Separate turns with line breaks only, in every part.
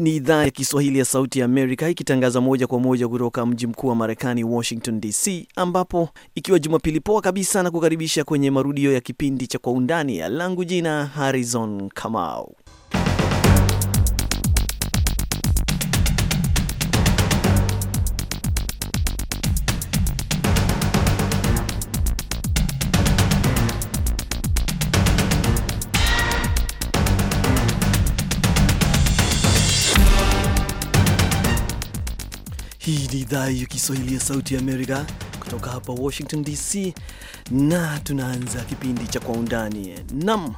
ni idhaa ya Kiswahili ya Sauti ya Amerika ikitangaza moja kwa moja kutoka mji mkuu wa Marekani, Washington DC, ambapo ikiwa Jumapili poa kabisa na kukaribisha kwenye marudio ya kipindi cha Kwa Undani. Langu jina Harrison Kamau. Hii ni idhaa ya Kiswahili ya Sauti ya Amerika kutoka hapa Washington DC, na tunaanza kipindi cha Kwa Undani. Nam,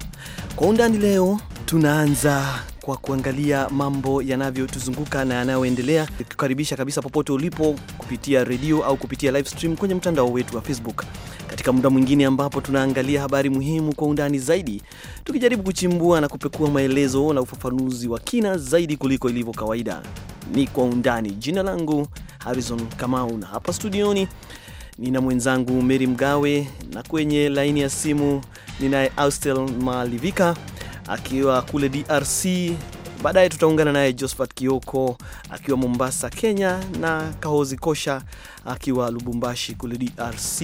Kwa Undani leo tunaanza kwa kuangalia mambo yanavyotuzunguka na yanayoendelea, kukaribisha kabisa popote ulipo kupitia redio au kupitia live stream kwenye mtandao wetu wa Facebook katika muda mwingine ambapo tunaangalia habari muhimu kwa undani zaidi, tukijaribu kuchimbua na kupekua maelezo na ufafanuzi wa kina zaidi kuliko ilivyo kawaida. Ni kwa undani. Jina langu Harrison Kamau, na hapa studioni nina mwenzangu Meri Mgawe, na kwenye laini ya simu ninaye Austel Malivika akiwa kule DRC. Baadaye tutaungana naye Josphat Kioko akiwa Mombasa, Kenya, na Kahozi Kosha akiwa Lubumbashi kule DRC,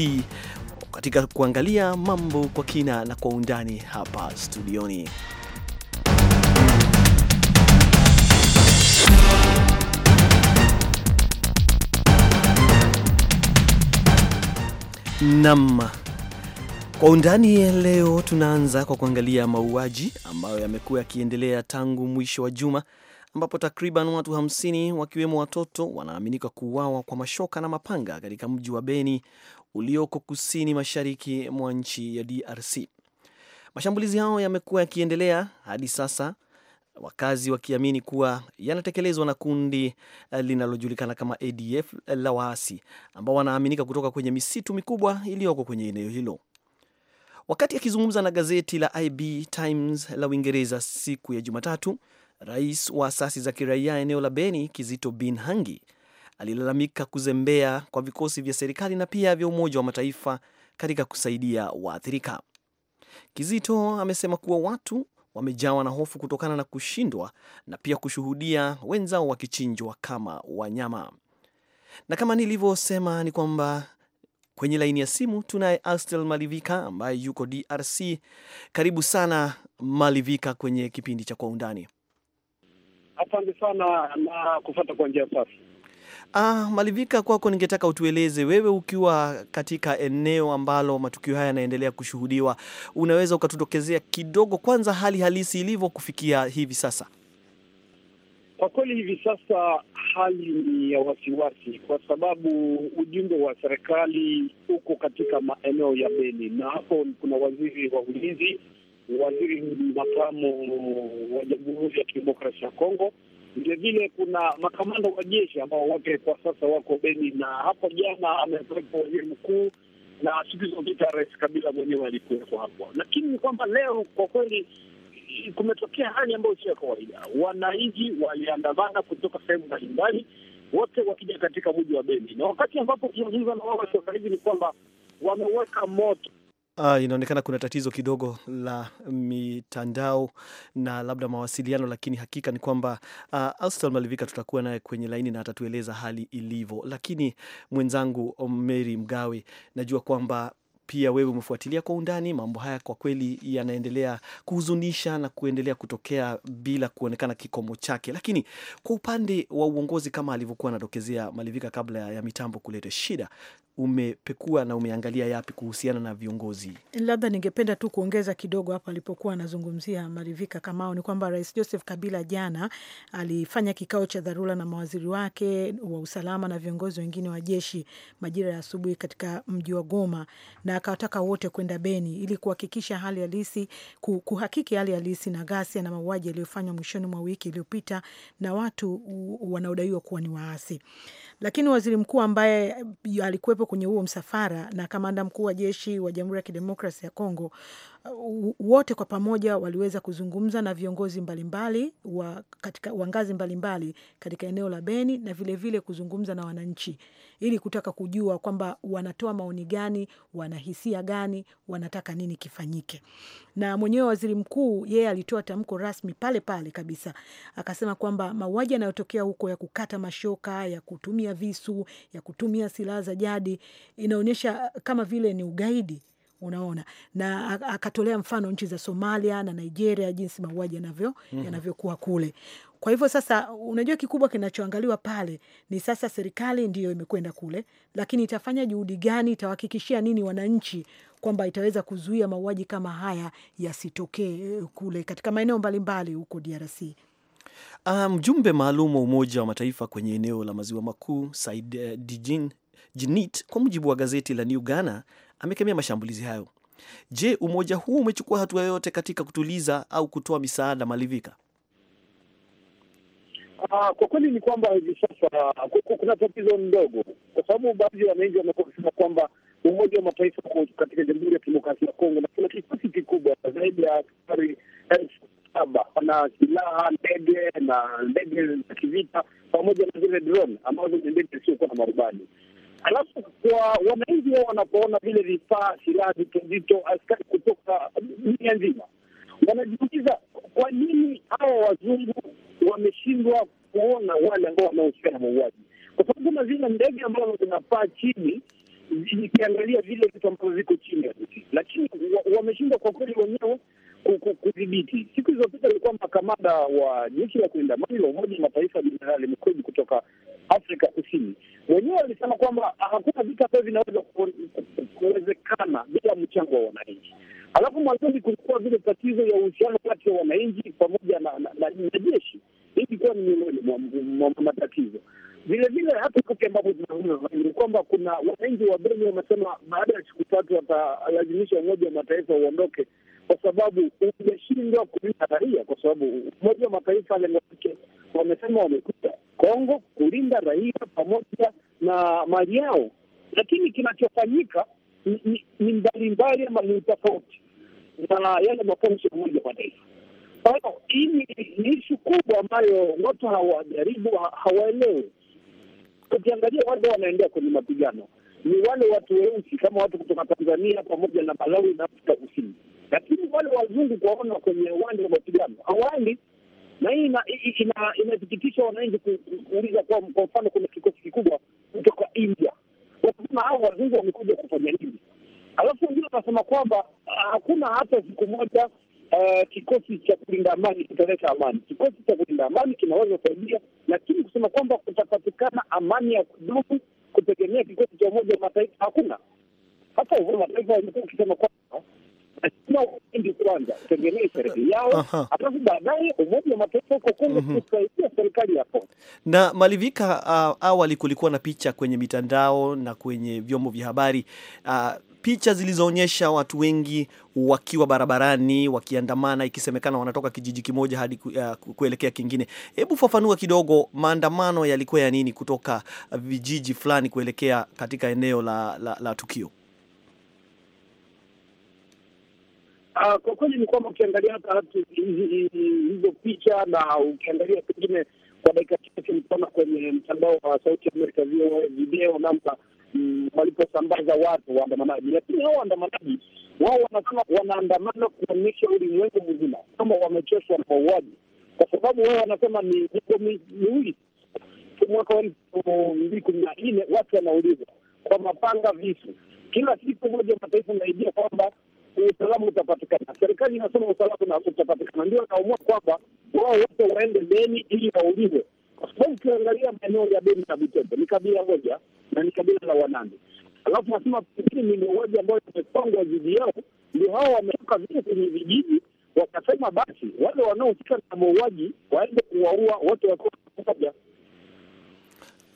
katika kuangalia mambo kwa kina na kwa undani hapa studioni. Nam kwa undani leo, tunaanza kwa kuangalia mauaji ambayo yamekuwa yakiendelea tangu mwisho wa juma, ambapo takriban watu 50 wakiwemo watoto wanaaminika kuuawa kwa mashoka na mapanga katika mji wa Beni ulioko kusini mashariki mwa nchi ya DRC. Mashambulizi hayo yamekuwa yakiendelea hadi sasa, wakazi wakiamini kuwa yanatekelezwa na kundi eh, linalojulikana kama ADF eh, la waasi ambao wanaaminika kutoka kwenye misitu mikubwa iliyoko kwenye eneo hilo. Wakati akizungumza na gazeti la IB Times la Uingereza siku ya Jumatatu, rais wa asasi za kiraia eneo la Beni Kizito Bin Hangi alilalamika kuzembea kwa vikosi vya serikali na pia vya Umoja wa Mataifa katika kusaidia waathirika. Kizito amesema kuwa watu wamejawa na hofu kutokana na kushindwa na pia kushuhudia wenzao wakichinjwa kama wanyama. Na kama nilivyosema ni kwamba kwenye laini ya simu tunaye Astel Malivika ambaye yuko DRC. Karibu sana Malivika kwenye kipindi cha Kwa Undani.
Asante sana na kufata kwa njia safi.
Ah, Malivika, kwako ningetaka utueleze wewe, ukiwa katika eneo ambalo matukio haya yanaendelea kushuhudiwa, unaweza ukatutokezea kidogo, kwanza hali halisi ilivyo kufikia hivi sasa?
Kwa kweli hivi sasa hali ni ya wasiwasi, kwa sababu ujumbe wa serikali uko katika maeneo ya Beni, na hapo kuna waziri wa ulinzi, waziri makamu wa Jamhuri ya Kidemokrasia ya Kongo Vilevile kuna makamanda wa jeshi ambao wake kwa sasa wako Beni, na hapo jana amekuwepo waziri mkuu na siku zilizopita Rais Kabila mwenyewe alikuwepo hapo. Lakini ni kwamba leo kwa kweli kumetokea hali ambayo sio ya kawaida. Wananchi waliandamana kutoka sehemu mbalimbali, wote wakija katika mji wa Beni, na wakati ambapo tunazungumza na wao sasa hivi ni kwamba wameweka moto
Uh, inaonekana kuna tatizo kidogo la mitandao na labda mawasiliano, lakini hakika ni kwamba uh, ah, Austal Malivika tutakuwa naye kwenye laini na atatueleza hali ilivyo. Lakini mwenzangu Mary Mgawe, najua kwamba pia wewe umefuatilia kwa undani mambo haya. Kwa kweli yanaendelea kuhuzunisha na kuendelea kutokea bila kuonekana kikomo chake, lakini kwa upande wa uongozi, kama alivyokuwa anadokezea Malivika kabla ya mitambo kuleta shida, umepekua na umeangalia yapi kuhusiana na viongozi?
Labda ningependa tu kuongeza kidogo hapo alipokuwa anazungumzia Marivika Kamao, ni kwamba Rais Joseph Kabila jana alifanya kikao cha dharura na mawaziri wake wa usalama na viongozi wengine wa jeshi majira ya asubuhi katika mji wa Goma, na akawataka wote kwenda Beni ili kuhakikisha hali halisi, kuhakiki hali halisi na ghasia na mauaji yaliyofanywa mwishoni mwa wiki iliyopita na watu wanaodaiwa kuwa ni waasi. Lakini waziri mkuu ambaye alikuwepo kwenye huo msafara na kamanda mkuu wa jeshi wa Jamhuri ya Kidemokrasi ya Kongo. Uh, wote kwa pamoja waliweza kuzungumza na viongozi mbalimbali wa, wa ngazi mbalimbali katika eneo la Beni na vilevile vile kuzungumza na wananchi ili kutaka kujua kwamba wanatoa maoni gani, wanahisia gani, wanataka nini kifanyike. Na mwenyewe waziri mkuu yeye alitoa tamko rasmi pale pale kabisa, akasema kwamba mauaji yanayotokea huko ya kukata mashoka, ya kutumia visu, ya kutumia silaha za jadi inaonyesha kama vile ni ugaidi. Unaona, na akatolea mfano nchi za Somalia na Nigeria, jinsi mauaji yanavyo mhm. yanavyokuwa kule. Kwa hivyo sasa, unajua kikubwa kinachoangaliwa pale ni sasa, serikali ndiyo imekwenda kule, lakini itafanya juhudi gani? Itawahakikishia nini wananchi kwamba itaweza kuzuia mauaji kama haya yasitokee eh, kule katika maeneo mbalimbali huko DRC?
Ah, mjumbe um, maalum wa Umoja wa Mataifa kwenye eneo la maziwa makuu Said uh, Dijin Jinit, kwa mujibu wa gazeti la New Ghana, amekemea mashambulizi hayo. Je, umoja huu umechukua hatua yoyote katika kutuliza au kutoa misaada malivika?
Uh, kwa kweli ni kwamba hivi sasa kuna tatizo ndogo, kwa sababu baadhi ya wananchi wamekuwa wakisema kwamba Umoja wa Mataifa katika Jamhuri ya Kidemokrasia ya Kongo na kuna kikosi kikubwa zaidi ya askari elfu saba wana silaha, ndege na ndege za kivita pamoja na zile drone ambazo ni ndege isiokuwa na marubani. Alafu kwa wananchi wao wanapoona vile vifaa, silaha zito zito, askari kutoka dunia nzima, wanajiuliza kwa nini hawa wazungu wame wanashindwa kuona wale ambao wamehusika na mauaji, kwa sababu kuna zile ndege ambazo zinapaa chini ikiangalia vile vitu ambavyo viko chini ya mti, lakini wameshindwa kwa kweli wenyewe kudhibiti. Siku zilizopita ilikuwa makamanda wa jeshi la kulinda amani la Umoja Mataifa Jenerali Mkweji kutoka Afrika Kusini mwenyewe alisema kwamba hakuna vita ambavyo vinaweza kuwezekana bila mchango wa wananchi. Alafu mwanzoni kulikuwa vile tatizo ya uhusiano kati ya wananchi pamoja na jeshi hii ilikuwa ni miongoni mwa matatizo. Vile vile hata wakati ambapo zinazungumza ni kwamba kuna wananchi wa Beni wamesema baada ya siku tatu watalazimisha Umoja wa Mataifa uondoke kwa sababu umeshindwa kulinda raia, kwa sababu Umoja wa Mataifa lengo lake wamesema wamekuta Kongo kulinda raia pamoja na mali yao, lakini kinachofanyika ni mbalimbali ama ni tofauti na yale mafunzo ya Umoja wa Mataifa. Kwa hiyo hii ni ishu kubwa ambayo watu hawajaribu, hawaelewi. Ukiangalia wale wanaendea kwenye mapigano ni wale watu weusi kama watu kutoka Tanzania pamoja na Malawi na Afrika Kusini, lakini wale wazungu kwaona kwenye uwanja wa mapigano hawaendi na hii inathibitisha wananchi kuuliza. Kwa mfano, kuna kikosi kikubwa kutoka India, wakasema hao wazungu wamekuja kufanya nini? Alafu wengine wanasema kwamba hakuna hata siku moja uh, kikosi cha kulinda amani kitaleta amani. Kikosi cha kulinda amani kinaweza kusaidia, lakini kusema kwamba kutapatikana amani ya kudumu kutegemea kikosi cha Umoja wa Mataifa hakuna. Hata Umoja wa Mataifa wamekuwa ukisema kwamba lazima ushindi kwanza utengenee serikali yao, halafu baadaye Umoja wa Mataifa huko Kongo mhm. kusaidia serikali yako.
Na malivika, uh, awali kulikuwa na picha kwenye mitandao na kwenye vyombo vya habari uh, picha zilizoonyesha watu wengi wakiwa barabarani wakiandamana, ikisemekana wanatoka kijiji kimoja hadi kuelekea kingine. Hebu fafanua kidogo, maandamano yalikuwa ya nini kutoka vijiji fulani kuelekea katika eneo la, la, la tukio?
Uh, kwa kweli ni kwamba ukiangalia hata hizo picha na ukiangalia pengine kwa dakika chache, mkona kwenye mtandao wa Sauti ya Amerika VOA video namba Mm, waliposambaza watu waandamanaji, lakini hao waandamanaji wao wanasema wanaandamana kuonyesha ulimwengu mzima kama wamechoshwa na mauaji, kwa sababu wao wanasema ni miko miwili. Mwaka wa elfu mbili kumi na nne watu wanaulizwa kwa mapanga, visu. Kila siku Umoja wa Mataifa unaidia kwamba usalama utapatikana, serikali inasema usalama utapatikana, ndio wanaamua kwamba wao wote waende Beni ili wauliwe, kwa sababu ukiangalia maeneo ya Beni na Butembo ni kabila moja na ni kabila la Wanande. Alafu nasema pengine ni mauaji ambayo yamepangwa dhidi yao, ndio hao wametoka vile kwenye vijiji wakasema basi wale wanaohusika na mauaji waende kuwaua wote wakiwa pamoja.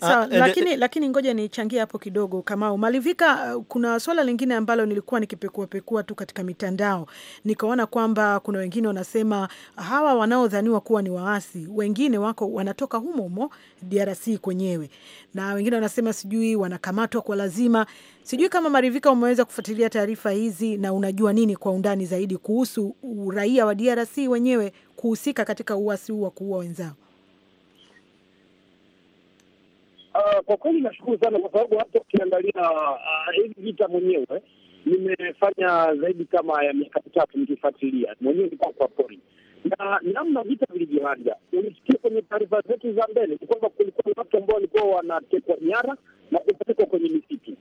Ah, Sawa, lakini,
lakini ngoja nichangie hapo kidogo Kamau Malivika. Uh, kuna swala lingine ambalo nilikuwa nikipekuapekua tu katika mitandao nikaona kwamba kuna wengine wanasema hawa wanaodhaniwa kuwa ni waasi wengine wako wanatoka humo humo DRC kwenyewe, na wengine wanasema sijui wanakamatwa kwa lazima. Sijui kama Marivika umeweza kufuatilia taarifa hizi na unajua nini kwa undani zaidi kuhusu uraia wa DRC wenyewe kuhusika katika uasi huu wa kuua wenzao?
Ah, kwa kweli nashukuru sana kwa sababu hata ukiangalia ah, hivi uh, vita mwenyewe nimefanya zaidi kama ya miaka mitatu nikifuatilia mwenyewe, nikuwa kwa pori na namna vita vilivyoanja, ulisikia kwenye taarifa zetu za mbele ni kwamba kulikuwa na watu ambao walikuwa wanatekwa nyara na kupelekwa kwenye misitu.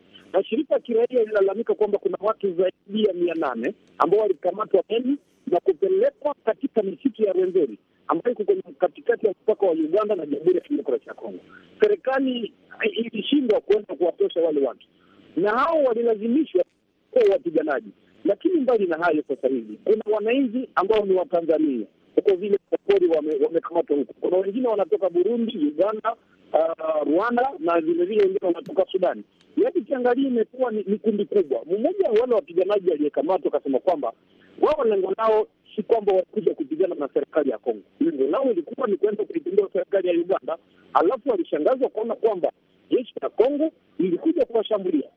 shirika ya kiraia ililalamika kwamba kuna watu zaidi ya mia nane ambao walikamatwa meni na kupelekwa katika misitu ya rwenzeri ambayo iko kwenye katikati ya mpaka wa Uganda na Jamhuri ya Kidemokrasia ya Kongo. Serikali ilishindwa kuenda kuwatosha wale watu, na hao walilazimishwa kuwa wapiganaji. Lakini mbali na hayo, sasa hivi kuna wananchi ambao ni Watanzania huko vile wapori wamekamatwa wame huko, kuna wengine wanatoka Burundi, Uganda, uh, Rwanda na vilevile wengine wanatoka Sudani. Yaani kiangalia imekuwa ni, ni kundi kubwa. Mmoja wa wale wapiganaji aliyekamatwa akasema kwamba wao lengo lao si kwamba walikuja kupigana na serikali ya Kongo. Lengo lao ilikuwa ni kuenda kuipindua serikali ya Uganda, alafu walishangazwa kuona kwamba jeshi la Kongo lilikuja kuwashambulia.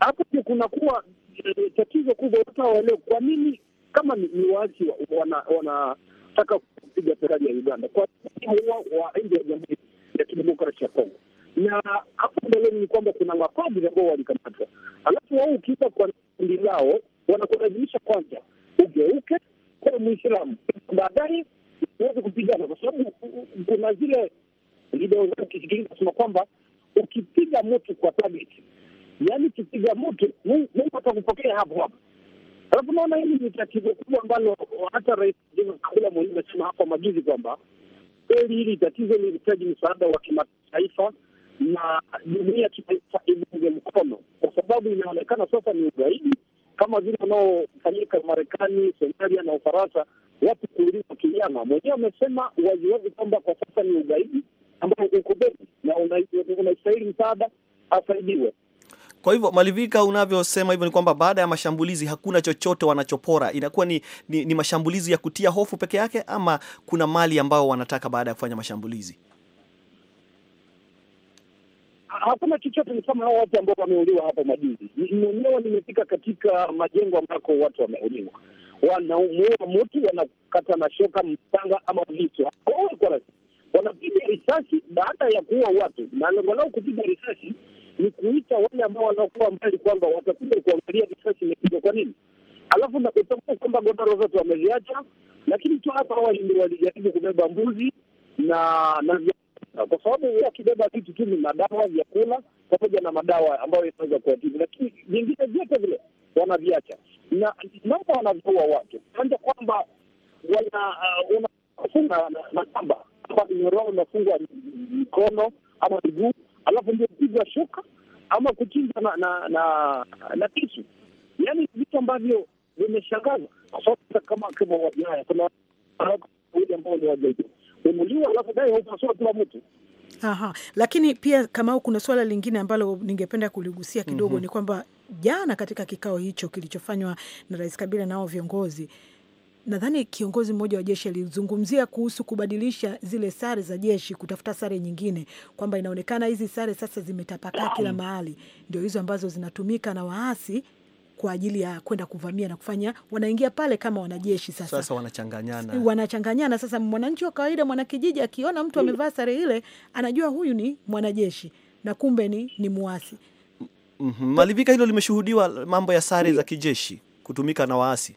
Hapo ndio kunakuwa e, tatizo kubwa. Watu hawaelewe kwa nini, kama ni waasi wanataka wana, kupiga serikali ya Uganda kwa wa nje ya Jamhuri ya Kidemokrasia ya Kongo na hapo mbeleni ni kwamba kuna mapadri ambao walikamatwa, alafu wao ukienda kwa kundi lao wanakulazimisha kwanza ugeuke, kuwa Muislamu baadaye uweze kupigana, kwa sababu kuna zile video zao kusema kwamba ukipiga mtu kwa tabiti, yaani ukipiga mtu Mungu atakupokea hapo hapo. Alafu naona hili ni tatizo kubwa ambalo hata Rais Kabila mwenyewe amesema hapo majuzi kwamba kweli hili tatizo lilihitaji msaada wa kimataifa na jumuia ya kimataifa iunge mkono, kwa sababu inaonekana sasa ni ugaidi kama vile unaofanyika Marekani, Somalia na Ufaransa, watu kuuliwa kinyama. Mwenyewe amesema waziwazi kwamba kwa sasa ni ugaidi ambao uko bedi na una msaada, asaidiwe.
Kwa hivyo Malivika, unavyosema hivyo ni kwamba baada ya mashambulizi hakuna chochote wanachopora, inakuwa ni, ni, ni mashambulizi ya kutia hofu peke yake, ama kuna mali ambayo wanataka baada ya kufanya mashambulizi?
hakuna chochote, ni kama hao watu ambao wameuliwa hapo majuzi. Mwenyewe nimefika katika majengo ambako watu wameuliwa, wanaumua mtu, wanakata na shoka, mpanga ama visu, wanapiga risasi baada ya kuua watu, na lengo lao kupiga risasi ni kuita wale ambao wanaokuwa mbali kwamba watakuja kuangalia risasi imepigwa kwa nini. Alafu na kwamba godoro zote wameziacha, lakini tu hapa awali ndio walijaribu kubeba mbuzi na na kwa sababu yeye akibeba vitu tu ni madawa, vyakula pamoja na madawa ambayo inaweza kuwatibu, lakini vingine vyote vile wanaviacha na mambo wanavyoua watu kwanza, kwamba uh, unafunga na kamba kama minyororo unafungwa mikono ama miguu, alafu ndio pigwa shuka ama kuchinja na na na, na kisu. Yani vitu ambavyo vimeshangaza, kwa sababu kama kama wajaya kuna ambao ni Wajaluo kuliwa, alafu dai hupasua kila mtu.
Aha. Lakini pia kama kuna suala lingine ambalo ningependa kuligusia kidogo, mm -hmm. ni kwamba jana katika kikao hicho kilichofanywa na Rais Kabila nao viongozi nadhani kiongozi mmoja wa jeshi alizungumzia kuhusu kubadilisha zile sare za jeshi, kutafuta sare nyingine, kwamba inaonekana hizi sare sasa zimetapakaa kila mahali, ndio hizo ambazo zinatumika na waasi kwa ajili ya kwenda kuvamia na kufanya, wanaingia pale kama wanajeshi. Sasa, sasa
wanachanganyana,
wanachanganyana. Sasa mwananchi wa kawaida, mwanakijiji akiona mtu amevaa sare ile, anajua huyu ni mwanajeshi na kumbe ni, ni muasi.
Mm -hmm. Malivika, hilo limeshuhudiwa, mambo ya sare za kijeshi kutumika na waasi.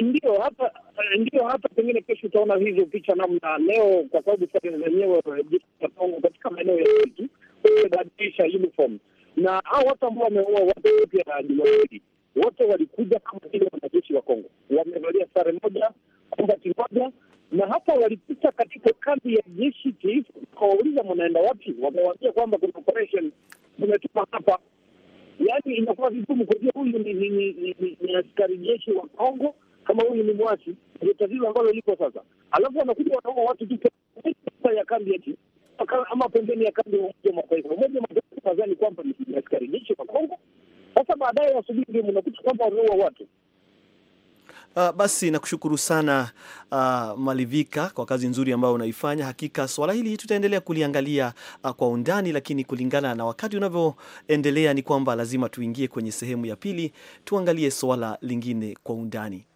Ndio hapa ndio hapa, pengine kesho utaona hizo picha namna leo, kwa sababu sare zenyewe eh, katika maeneo ya tu wamebadilisha uniform na hao watu ambao wameua watu wote wawili wote walikuja kama vile wanajeshi wa Kongo, wamevalia sare moja, kombati moja, na hata walipita katika kambi ya jeshi taifa. Ukawauliza mwanaenda wapi, wamewaambia kwamba kuna operation zimetuma hapa. Yani inakuwa vigumu kujua huyu ni, ni, ni, ni, ni, ni askari jeshi wa Kongo kama huyu ni mwasi. Ndio tatizo ambalo lipo sasa, alafu wanakuja wanaua watu tu ya kambi yetu ama pembeni ya kambi ya Umoja wa Mataifa. Umoja wa tafadhali kwamba ni askari jeshi kwa Kongo. Sasa baadaye asubuhi ndio mnakuta kwamba wameua watu. Uh,
basi nakushukuru sana uh, Malivika kwa kazi nzuri ambayo unaifanya. Hakika swala hili tutaendelea kuliangalia uh, kwa undani, lakini kulingana na wakati unavyoendelea ni kwamba lazima tuingie kwenye sehemu ya pili, tuangalie swala lingine kwa undani.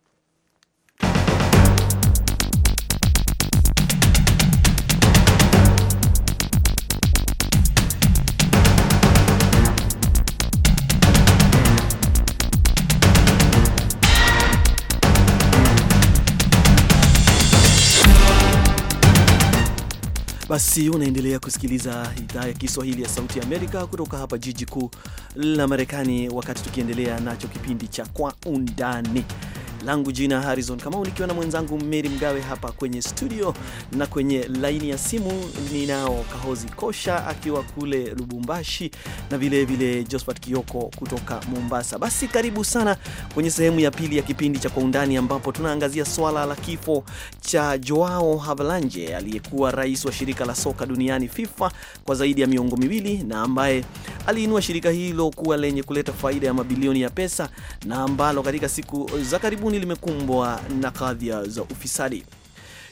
Basi unaendelea kusikiliza idhaa ya Kiswahili ya Sauti ya Amerika kutoka hapa jiji kuu la Marekani, wakati tukiendelea nacho kipindi cha Kwa Undani langu jina Harrison Kamau, nikiwa na mwenzangu Meri Mgawe hapa kwenye studio, na kwenye laini ya simu ninao Kahozi Kosha akiwa kule Lubumbashi na vilevile Josphat Kioko kutoka Mombasa. Basi karibu sana kwenye sehemu ya pili ya kipindi cha Kwa Undani, ambapo tunaangazia swala la kifo cha Joao Havelange aliyekuwa rais wa shirika la soka duniani FIFA kwa zaidi ya miongo miwili na ambaye aliinua shirika hilo kuwa lenye kuleta faida ya mabilioni ya pesa na ambalo katika siku za karibu karibuni limekumbwa na kadhia za ufisadi.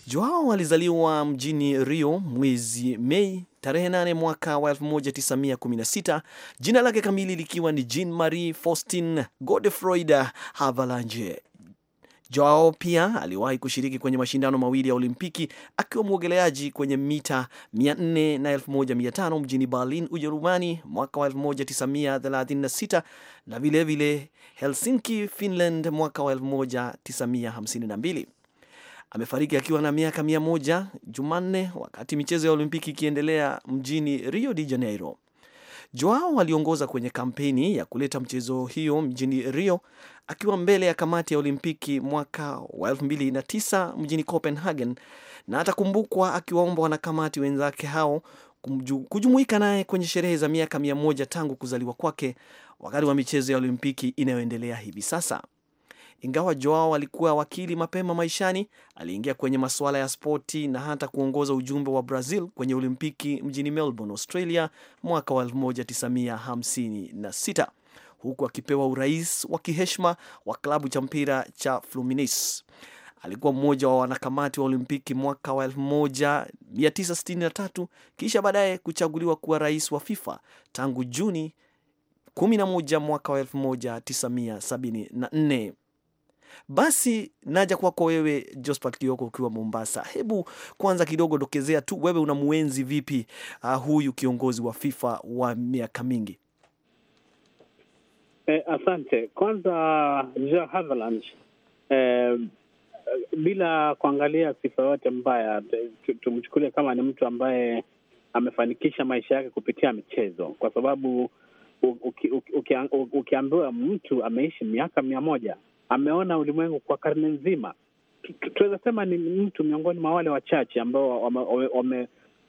Joao alizaliwa mjini Rio mwezi Mei tarehe 8 mwaka wa 1916, jina lake kamili likiwa ni Jean Marie Faustin Godefroid Havelange Joao pia aliwahi kushiriki kwenye mashindano mawili ya Olimpiki akiwa mwogeleaji kwenye mita 400 na 1500 mjini Berlin, Ujerumani mwaka wa 1936 na vilevile Helsinki, Finland mwaka wa 1952. Amefariki akiwa na miaka 100 Jumanne, wakati michezo ya Olimpiki ikiendelea mjini Rio de Janeiro. Joao aliongoza kwenye kampeni ya kuleta mchezo hiyo mjini Rio akiwa mbele ya kamati ya Olimpiki mwaka wa 2009 mjini Copenhagen, na atakumbukwa akiwaomba wanakamati wenzake hao kujumuika naye kwenye sherehe za miaka mia moja tangu kuzaliwa kwake wakati wa michezo ya Olimpiki inayoendelea hivi sasa. Ingawa Joao alikuwa wakili mapema maishani, aliingia kwenye masuala ya spoti na hata kuongoza ujumbe wa Brazil kwenye Olimpiki mjini Melbourne, Australia mwaka wa 1956 huku akipewa urais wa kiheshima wa klabu cha mpira cha Fluminense. Alikuwa mmoja wa wanakamati wa Olimpiki mwaka wa 1963 kisha baadaye kuchaguliwa kuwa rais wa FIFA tangu Juni 11 mwaka wa 1974. Basi naja kwako wewe Josephat Kioko ukiwa Mombasa. Hebu kwanza kidogo dokezea tu, wewe una muenzi vipi uh, huyu kiongozi wa FIFA wa miaka mingi?
Eh, asante. Kwanza ja eh, bila kuangalia sifa yote mbaya, tumchukulie kama ni mtu ambaye amefanikisha maisha yake kupitia michezo, kwa sababu uki, uki, uki, ukiambiwa mtu ameishi miaka mia moja, ameona ulimwengu kwa karne nzima, tunaweza sema ni mtu miongoni mwa wale wachache ambao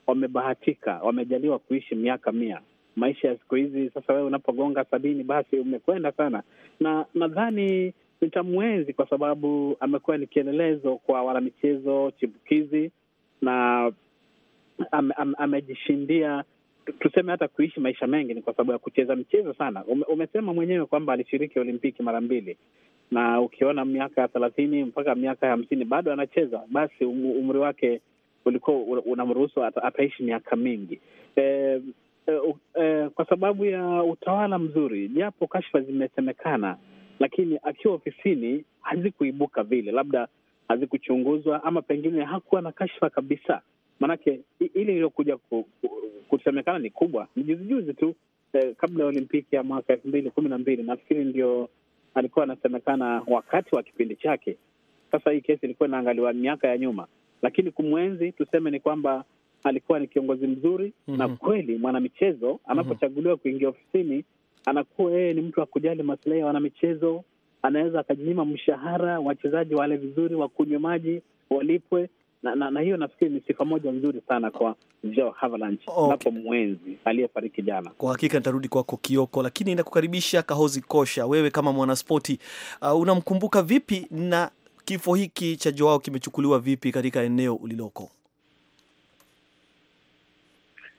wamebahatika, wamejaliwa kuishi miaka mia maisha ya siku hizi. Sasa wewe unapogonga sabini, basi umekwenda sana, na nadhani nitamwenzi kwa sababu amekuwa ni kielelezo kwa wanamichezo chipukizi na am, am, amejishindia tuseme hata kuishi maisha mengi ni kwa sababu ya kucheza mchezo sana. Ume, umesema mwenyewe kwamba alishiriki Olimpiki mara mbili, na ukiona miaka ya thelathini mpaka miaka hamsini bado anacheza, basi um, umri wake ulikuwa unamruhusu ataishi miaka mingi. E, uh, uh, kwa sababu ya utawala mzuri, japo kashfa zimesemekana, lakini akiwa ofisini hazikuibuka vile, labda hazikuchunguzwa ama pengine hakuwa na kashfa kabisa. Maanake ile iliyokuja kusemekana ni kubwa, ni juzijuzi tu eh, kabla ya Olimpiki ya mwaka elfu mbili kumi na mbili nafikiri ndio alikuwa anasemekana wakati wa kipindi chake. Sasa hii kesi ilikuwa inaangaliwa miaka ya nyuma, lakini kumwenzi tuseme ni kwamba alikuwa ni kiongozi mzuri mm -hmm. na mhm. kweli mwanamichezo anapochaguliwa mhm. kuingia ofisini anakuwa yeye ni mtu wa kujali masilahi ya wanamichezo. Anaweza akajinyima mshahara, wachezaji wale vizuri, wakunywe maji, walipwe na, na, na hiyo nafikiri ni sifa moja nzuri sana kwa Joe okay. napo mwenzi aliyefariki
jana. Kwa hakika nitarudi kwako Kioko, lakini nakukaribisha Kahozi Kosha. Wewe kama mwanaspoti uh, unamkumbuka vipi na kifo hiki cha Joao kimechukuliwa vipi katika eneo uliloko?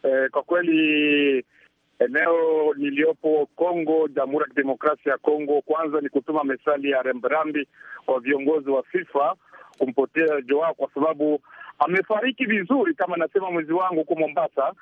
Eh, kwa kweli eneo niliyopo Kongo, Jamhuri ya Kidemokrasia ya Kongo, kwanza ni kutuma mesali ya rambirambi kwa viongozi wa FIFA kumpotea Joao kwa sababu amefariki vizuri, kama anasema mwezi wangu huko Mombasa.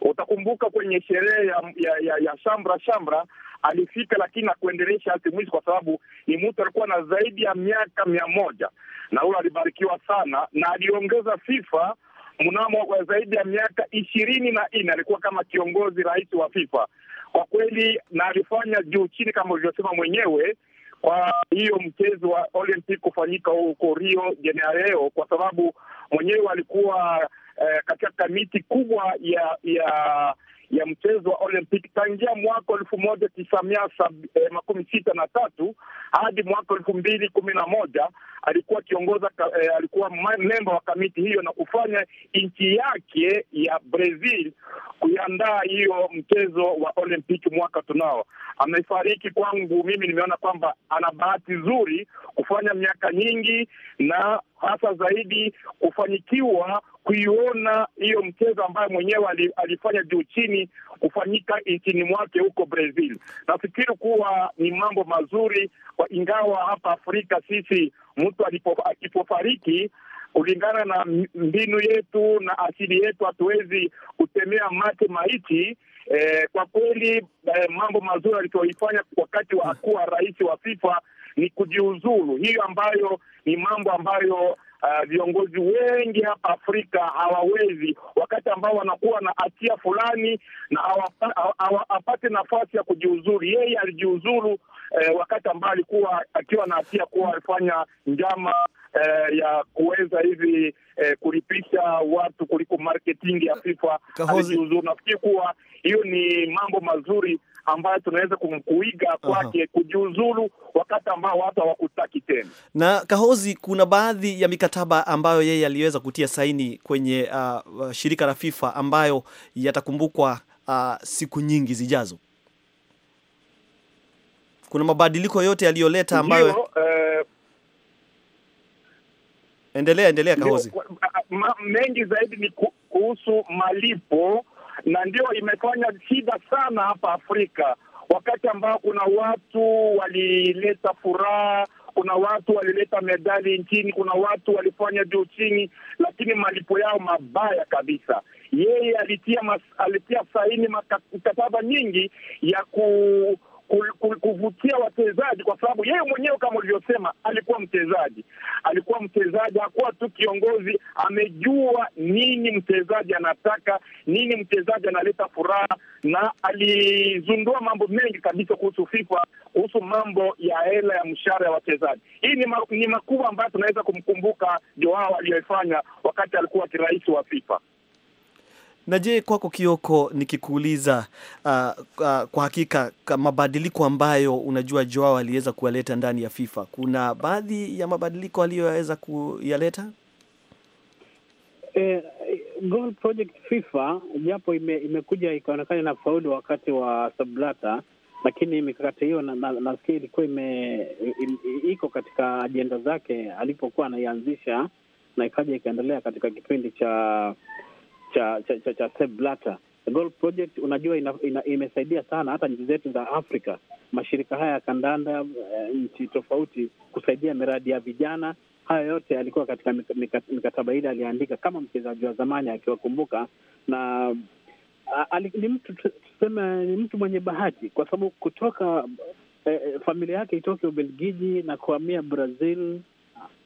Utakumbuka kwenye sherehe ya, ya, ya, ya shamra shamra alifika, lakini akuendelesha hati mwisho, kwa sababu ni mtu alikuwa na zaidi ya miaka mia moja na huyo alibarikiwa sana na aliongeza FIFA mnamo kwa zaidi ya miaka ishirini na nne alikuwa kama kiongozi rais wa FIFA kwa kweli, na alifanya juu chini kama ulivyosema mwenyewe kwa hiyo mchezo wa Olympic kufanyika huko Rio de Janeiro, kwa sababu mwenyewe alikuwa eh, katika kamiti kubwa ya ya ya mchezo wa Olympic tangia mwaka elfu moja tisa mia eh, makumi sita na tatu hadi mwaka elfu mbili kumi na moja alikuwa akiongoza eh, alikuwa memba wa kamiti hiyo na kufanya nchi yake ya Brazil kuiandaa hiyo mchezo wa Olympic mwaka tunao. Amefariki kwangu mimi, nimeona kwamba ana bahati nzuri kufanya miaka nyingi na hasa zaidi kufanyikiwa kuiona hiyo mchezo ambayo mwenyewe alifanya juu chini kufanyika nchini mwake huko Brazil. Nafikiri kuwa ni mambo mazuri kwa, ingawa hapa Afrika sisi mtu akipofariki kulingana na mbinu yetu na asili yetu hatuwezi kutemea mate maiti. Eh, kwa kweli eh, mambo mazuri alichoifanya wakati wa kuwa rais wa FIFA ni kujiuzulu, hiyo ambayo ni mambo ambayo Ah, viongozi uh, wengi hapa Afrika hawawezi, wakati ambao wanakuwa na hatia fulani na apate nafasi ya kujiuzuru. Yeye alijiuzuru eh, wakati ambao alikuwa akiwa na hatia kuwa alifanya njama eh, ya kuweza hivi eh, kulipisha watu kuliko marketing ya FIFA. Alijiuzuru, nafikiri kuwa hiyo ni mambo mazuri ambayo tunaweza kuiga kwake kujiuzulu wakati ambao watu hawakutaki tena.
Na Kahozi, kuna baadhi ya mikataba ambayo yeye aliweza kutia saini kwenye uh, shirika la FIFA ambayo yatakumbukwa uh, siku nyingi zijazo. Kuna mabadiliko yote yaliyoleta ambayo Ndiyo,
uh... Eh,
endelea endelea Kahozi.
Ah, mengi zaidi ni kuhusu malipo na ndio imefanya shida sana hapa Afrika, wakati ambao kuna watu walileta furaha, kuna watu walileta medali nchini, kuna watu walifanya juu chini, lakini malipo yao mabaya kabisa. Yeye alitia mas, alitia saini mkataba nyingi ya ku kuvutia wachezaji, kwa sababu yeye mwenyewe kama ulivyosema, alikuwa mchezaji, alikuwa mchezaji, hakuwa tu kiongozi. Amejua nini mchezaji anataka, nini mchezaji analeta furaha, na alizundua mambo mengi kabisa kuhusu FIFA, kuhusu mambo ya hela ya mshahara ya wachezaji. Hii ni, ma, ni makubwa ambayo tunaweza kumkumbuka Joao aliyoifanya wakati alikuwa kirais wa FIFA.
Na je, kwako Kioko, nikikuuliza uh, uh, kwa hakika mabadiliko ambayo unajua Joao aliweza kuyaleta ndani ya FIFA, kuna baadhi ya mabadiliko aliyoweza kuyaleta eh, Goal Project
FIFA japo ime, imekuja ikaonekana na faulu wakati wa Sablata, lakini mikakati hiyo nafikiri na, na ilikuwa ime, iko katika ajenda zake alipokuwa anaianzisha na ikaja ikaendelea katika kipindi cha cha cha, cha, cha Sepp Blatter. Gold Project unajua ina, ina, imesaidia sana hata nchi zetu za Afrika, mashirika haya ya kandanda e, nchi tofauti kusaidia miradi ya vijana. Haya yote alikuwa katika mikataba ile aliyeandika kama mchezaji wa zamani akiwakumbuka, na ali, ni mtu tuseme, ni mtu mwenye bahati kwa sababu kutoka e, familia yake itoke Ubelgiji na kuhamia Brazil,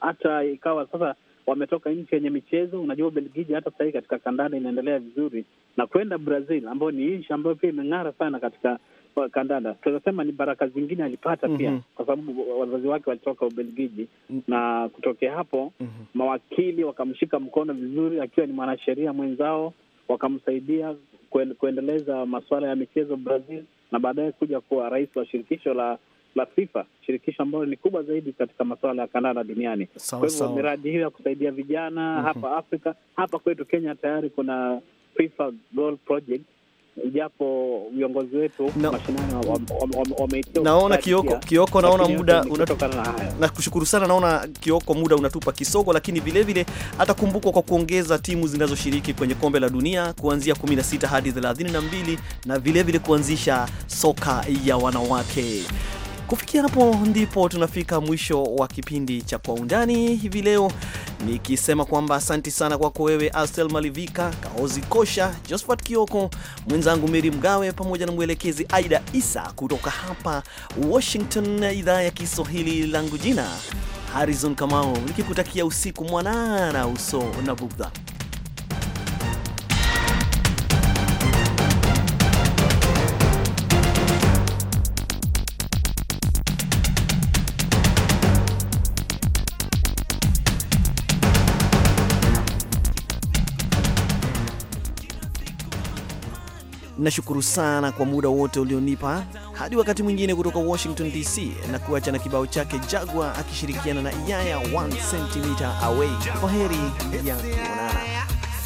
hata ikawa sasa wametoka nchi yenye michezo. Unajua, Ubelgiji hata sahii katika kandanda inaendelea vizuri na kwenda Brazil, ambayo ni nchi ambayo pia imeng'ara sana katika uh, kandanda. tunazasema ni baraka zingine alipata pia mm -hmm. kwa sababu wazazi wake walitoka Ubelgiji mm -hmm. na kutokea hapo mm -hmm. mawakili wakamshika mkono vizuri, akiwa ni mwanasheria mwenzao, wakamsaidia kuendeleza masuala ya michezo Brazil na baadaye kuja kuwa rais wa shirikisho la la FIFA, shirikisho ambalo ni kubwa zaidi katika masuala ya kandanda duniani. Kwa hivyo miradi hiyo ya kusaidia vijana mm -hmm. hapa Afrika, hapa kwetu Kenya tayari kuna FIFA Goal Project japo viongozi wetu no. mashinani
wameitia. Naona Kioko, Kioko, naona muda unatupa na kushukuru sana. Naona Kioko, muda unatupa kisogo, lakini vilevile atakumbukwa kwa kuongeza timu zinazoshiriki kwenye kombe la dunia kuanzia 16 hadi 32 na vilevile kuanzisha soka ya wanawake. Kufikia hapo ndipo tunafika mwisho wa kipindi cha Kwa Undani hivi leo, nikisema kwamba asanti sana kwako wewe Astel Malivika, Kaozi Kosha, Josphat Kioko, mwenzangu Miri Mgawe pamoja na mwelekezi Aida Isa kutoka hapa Washington na idhaa ya Kiswahili. Langu jina Harrison Kamau, nikikutakia usiku mwanana uso na bugdha. Nashukuru sana kwa muda wote ulionipa. Hadi wakati mwingine, kutoka Washington DC, na kuacha na kibao chake Jagwa akishirikiana na Iyaya 1 cm away. Kwa heri ya kuonana.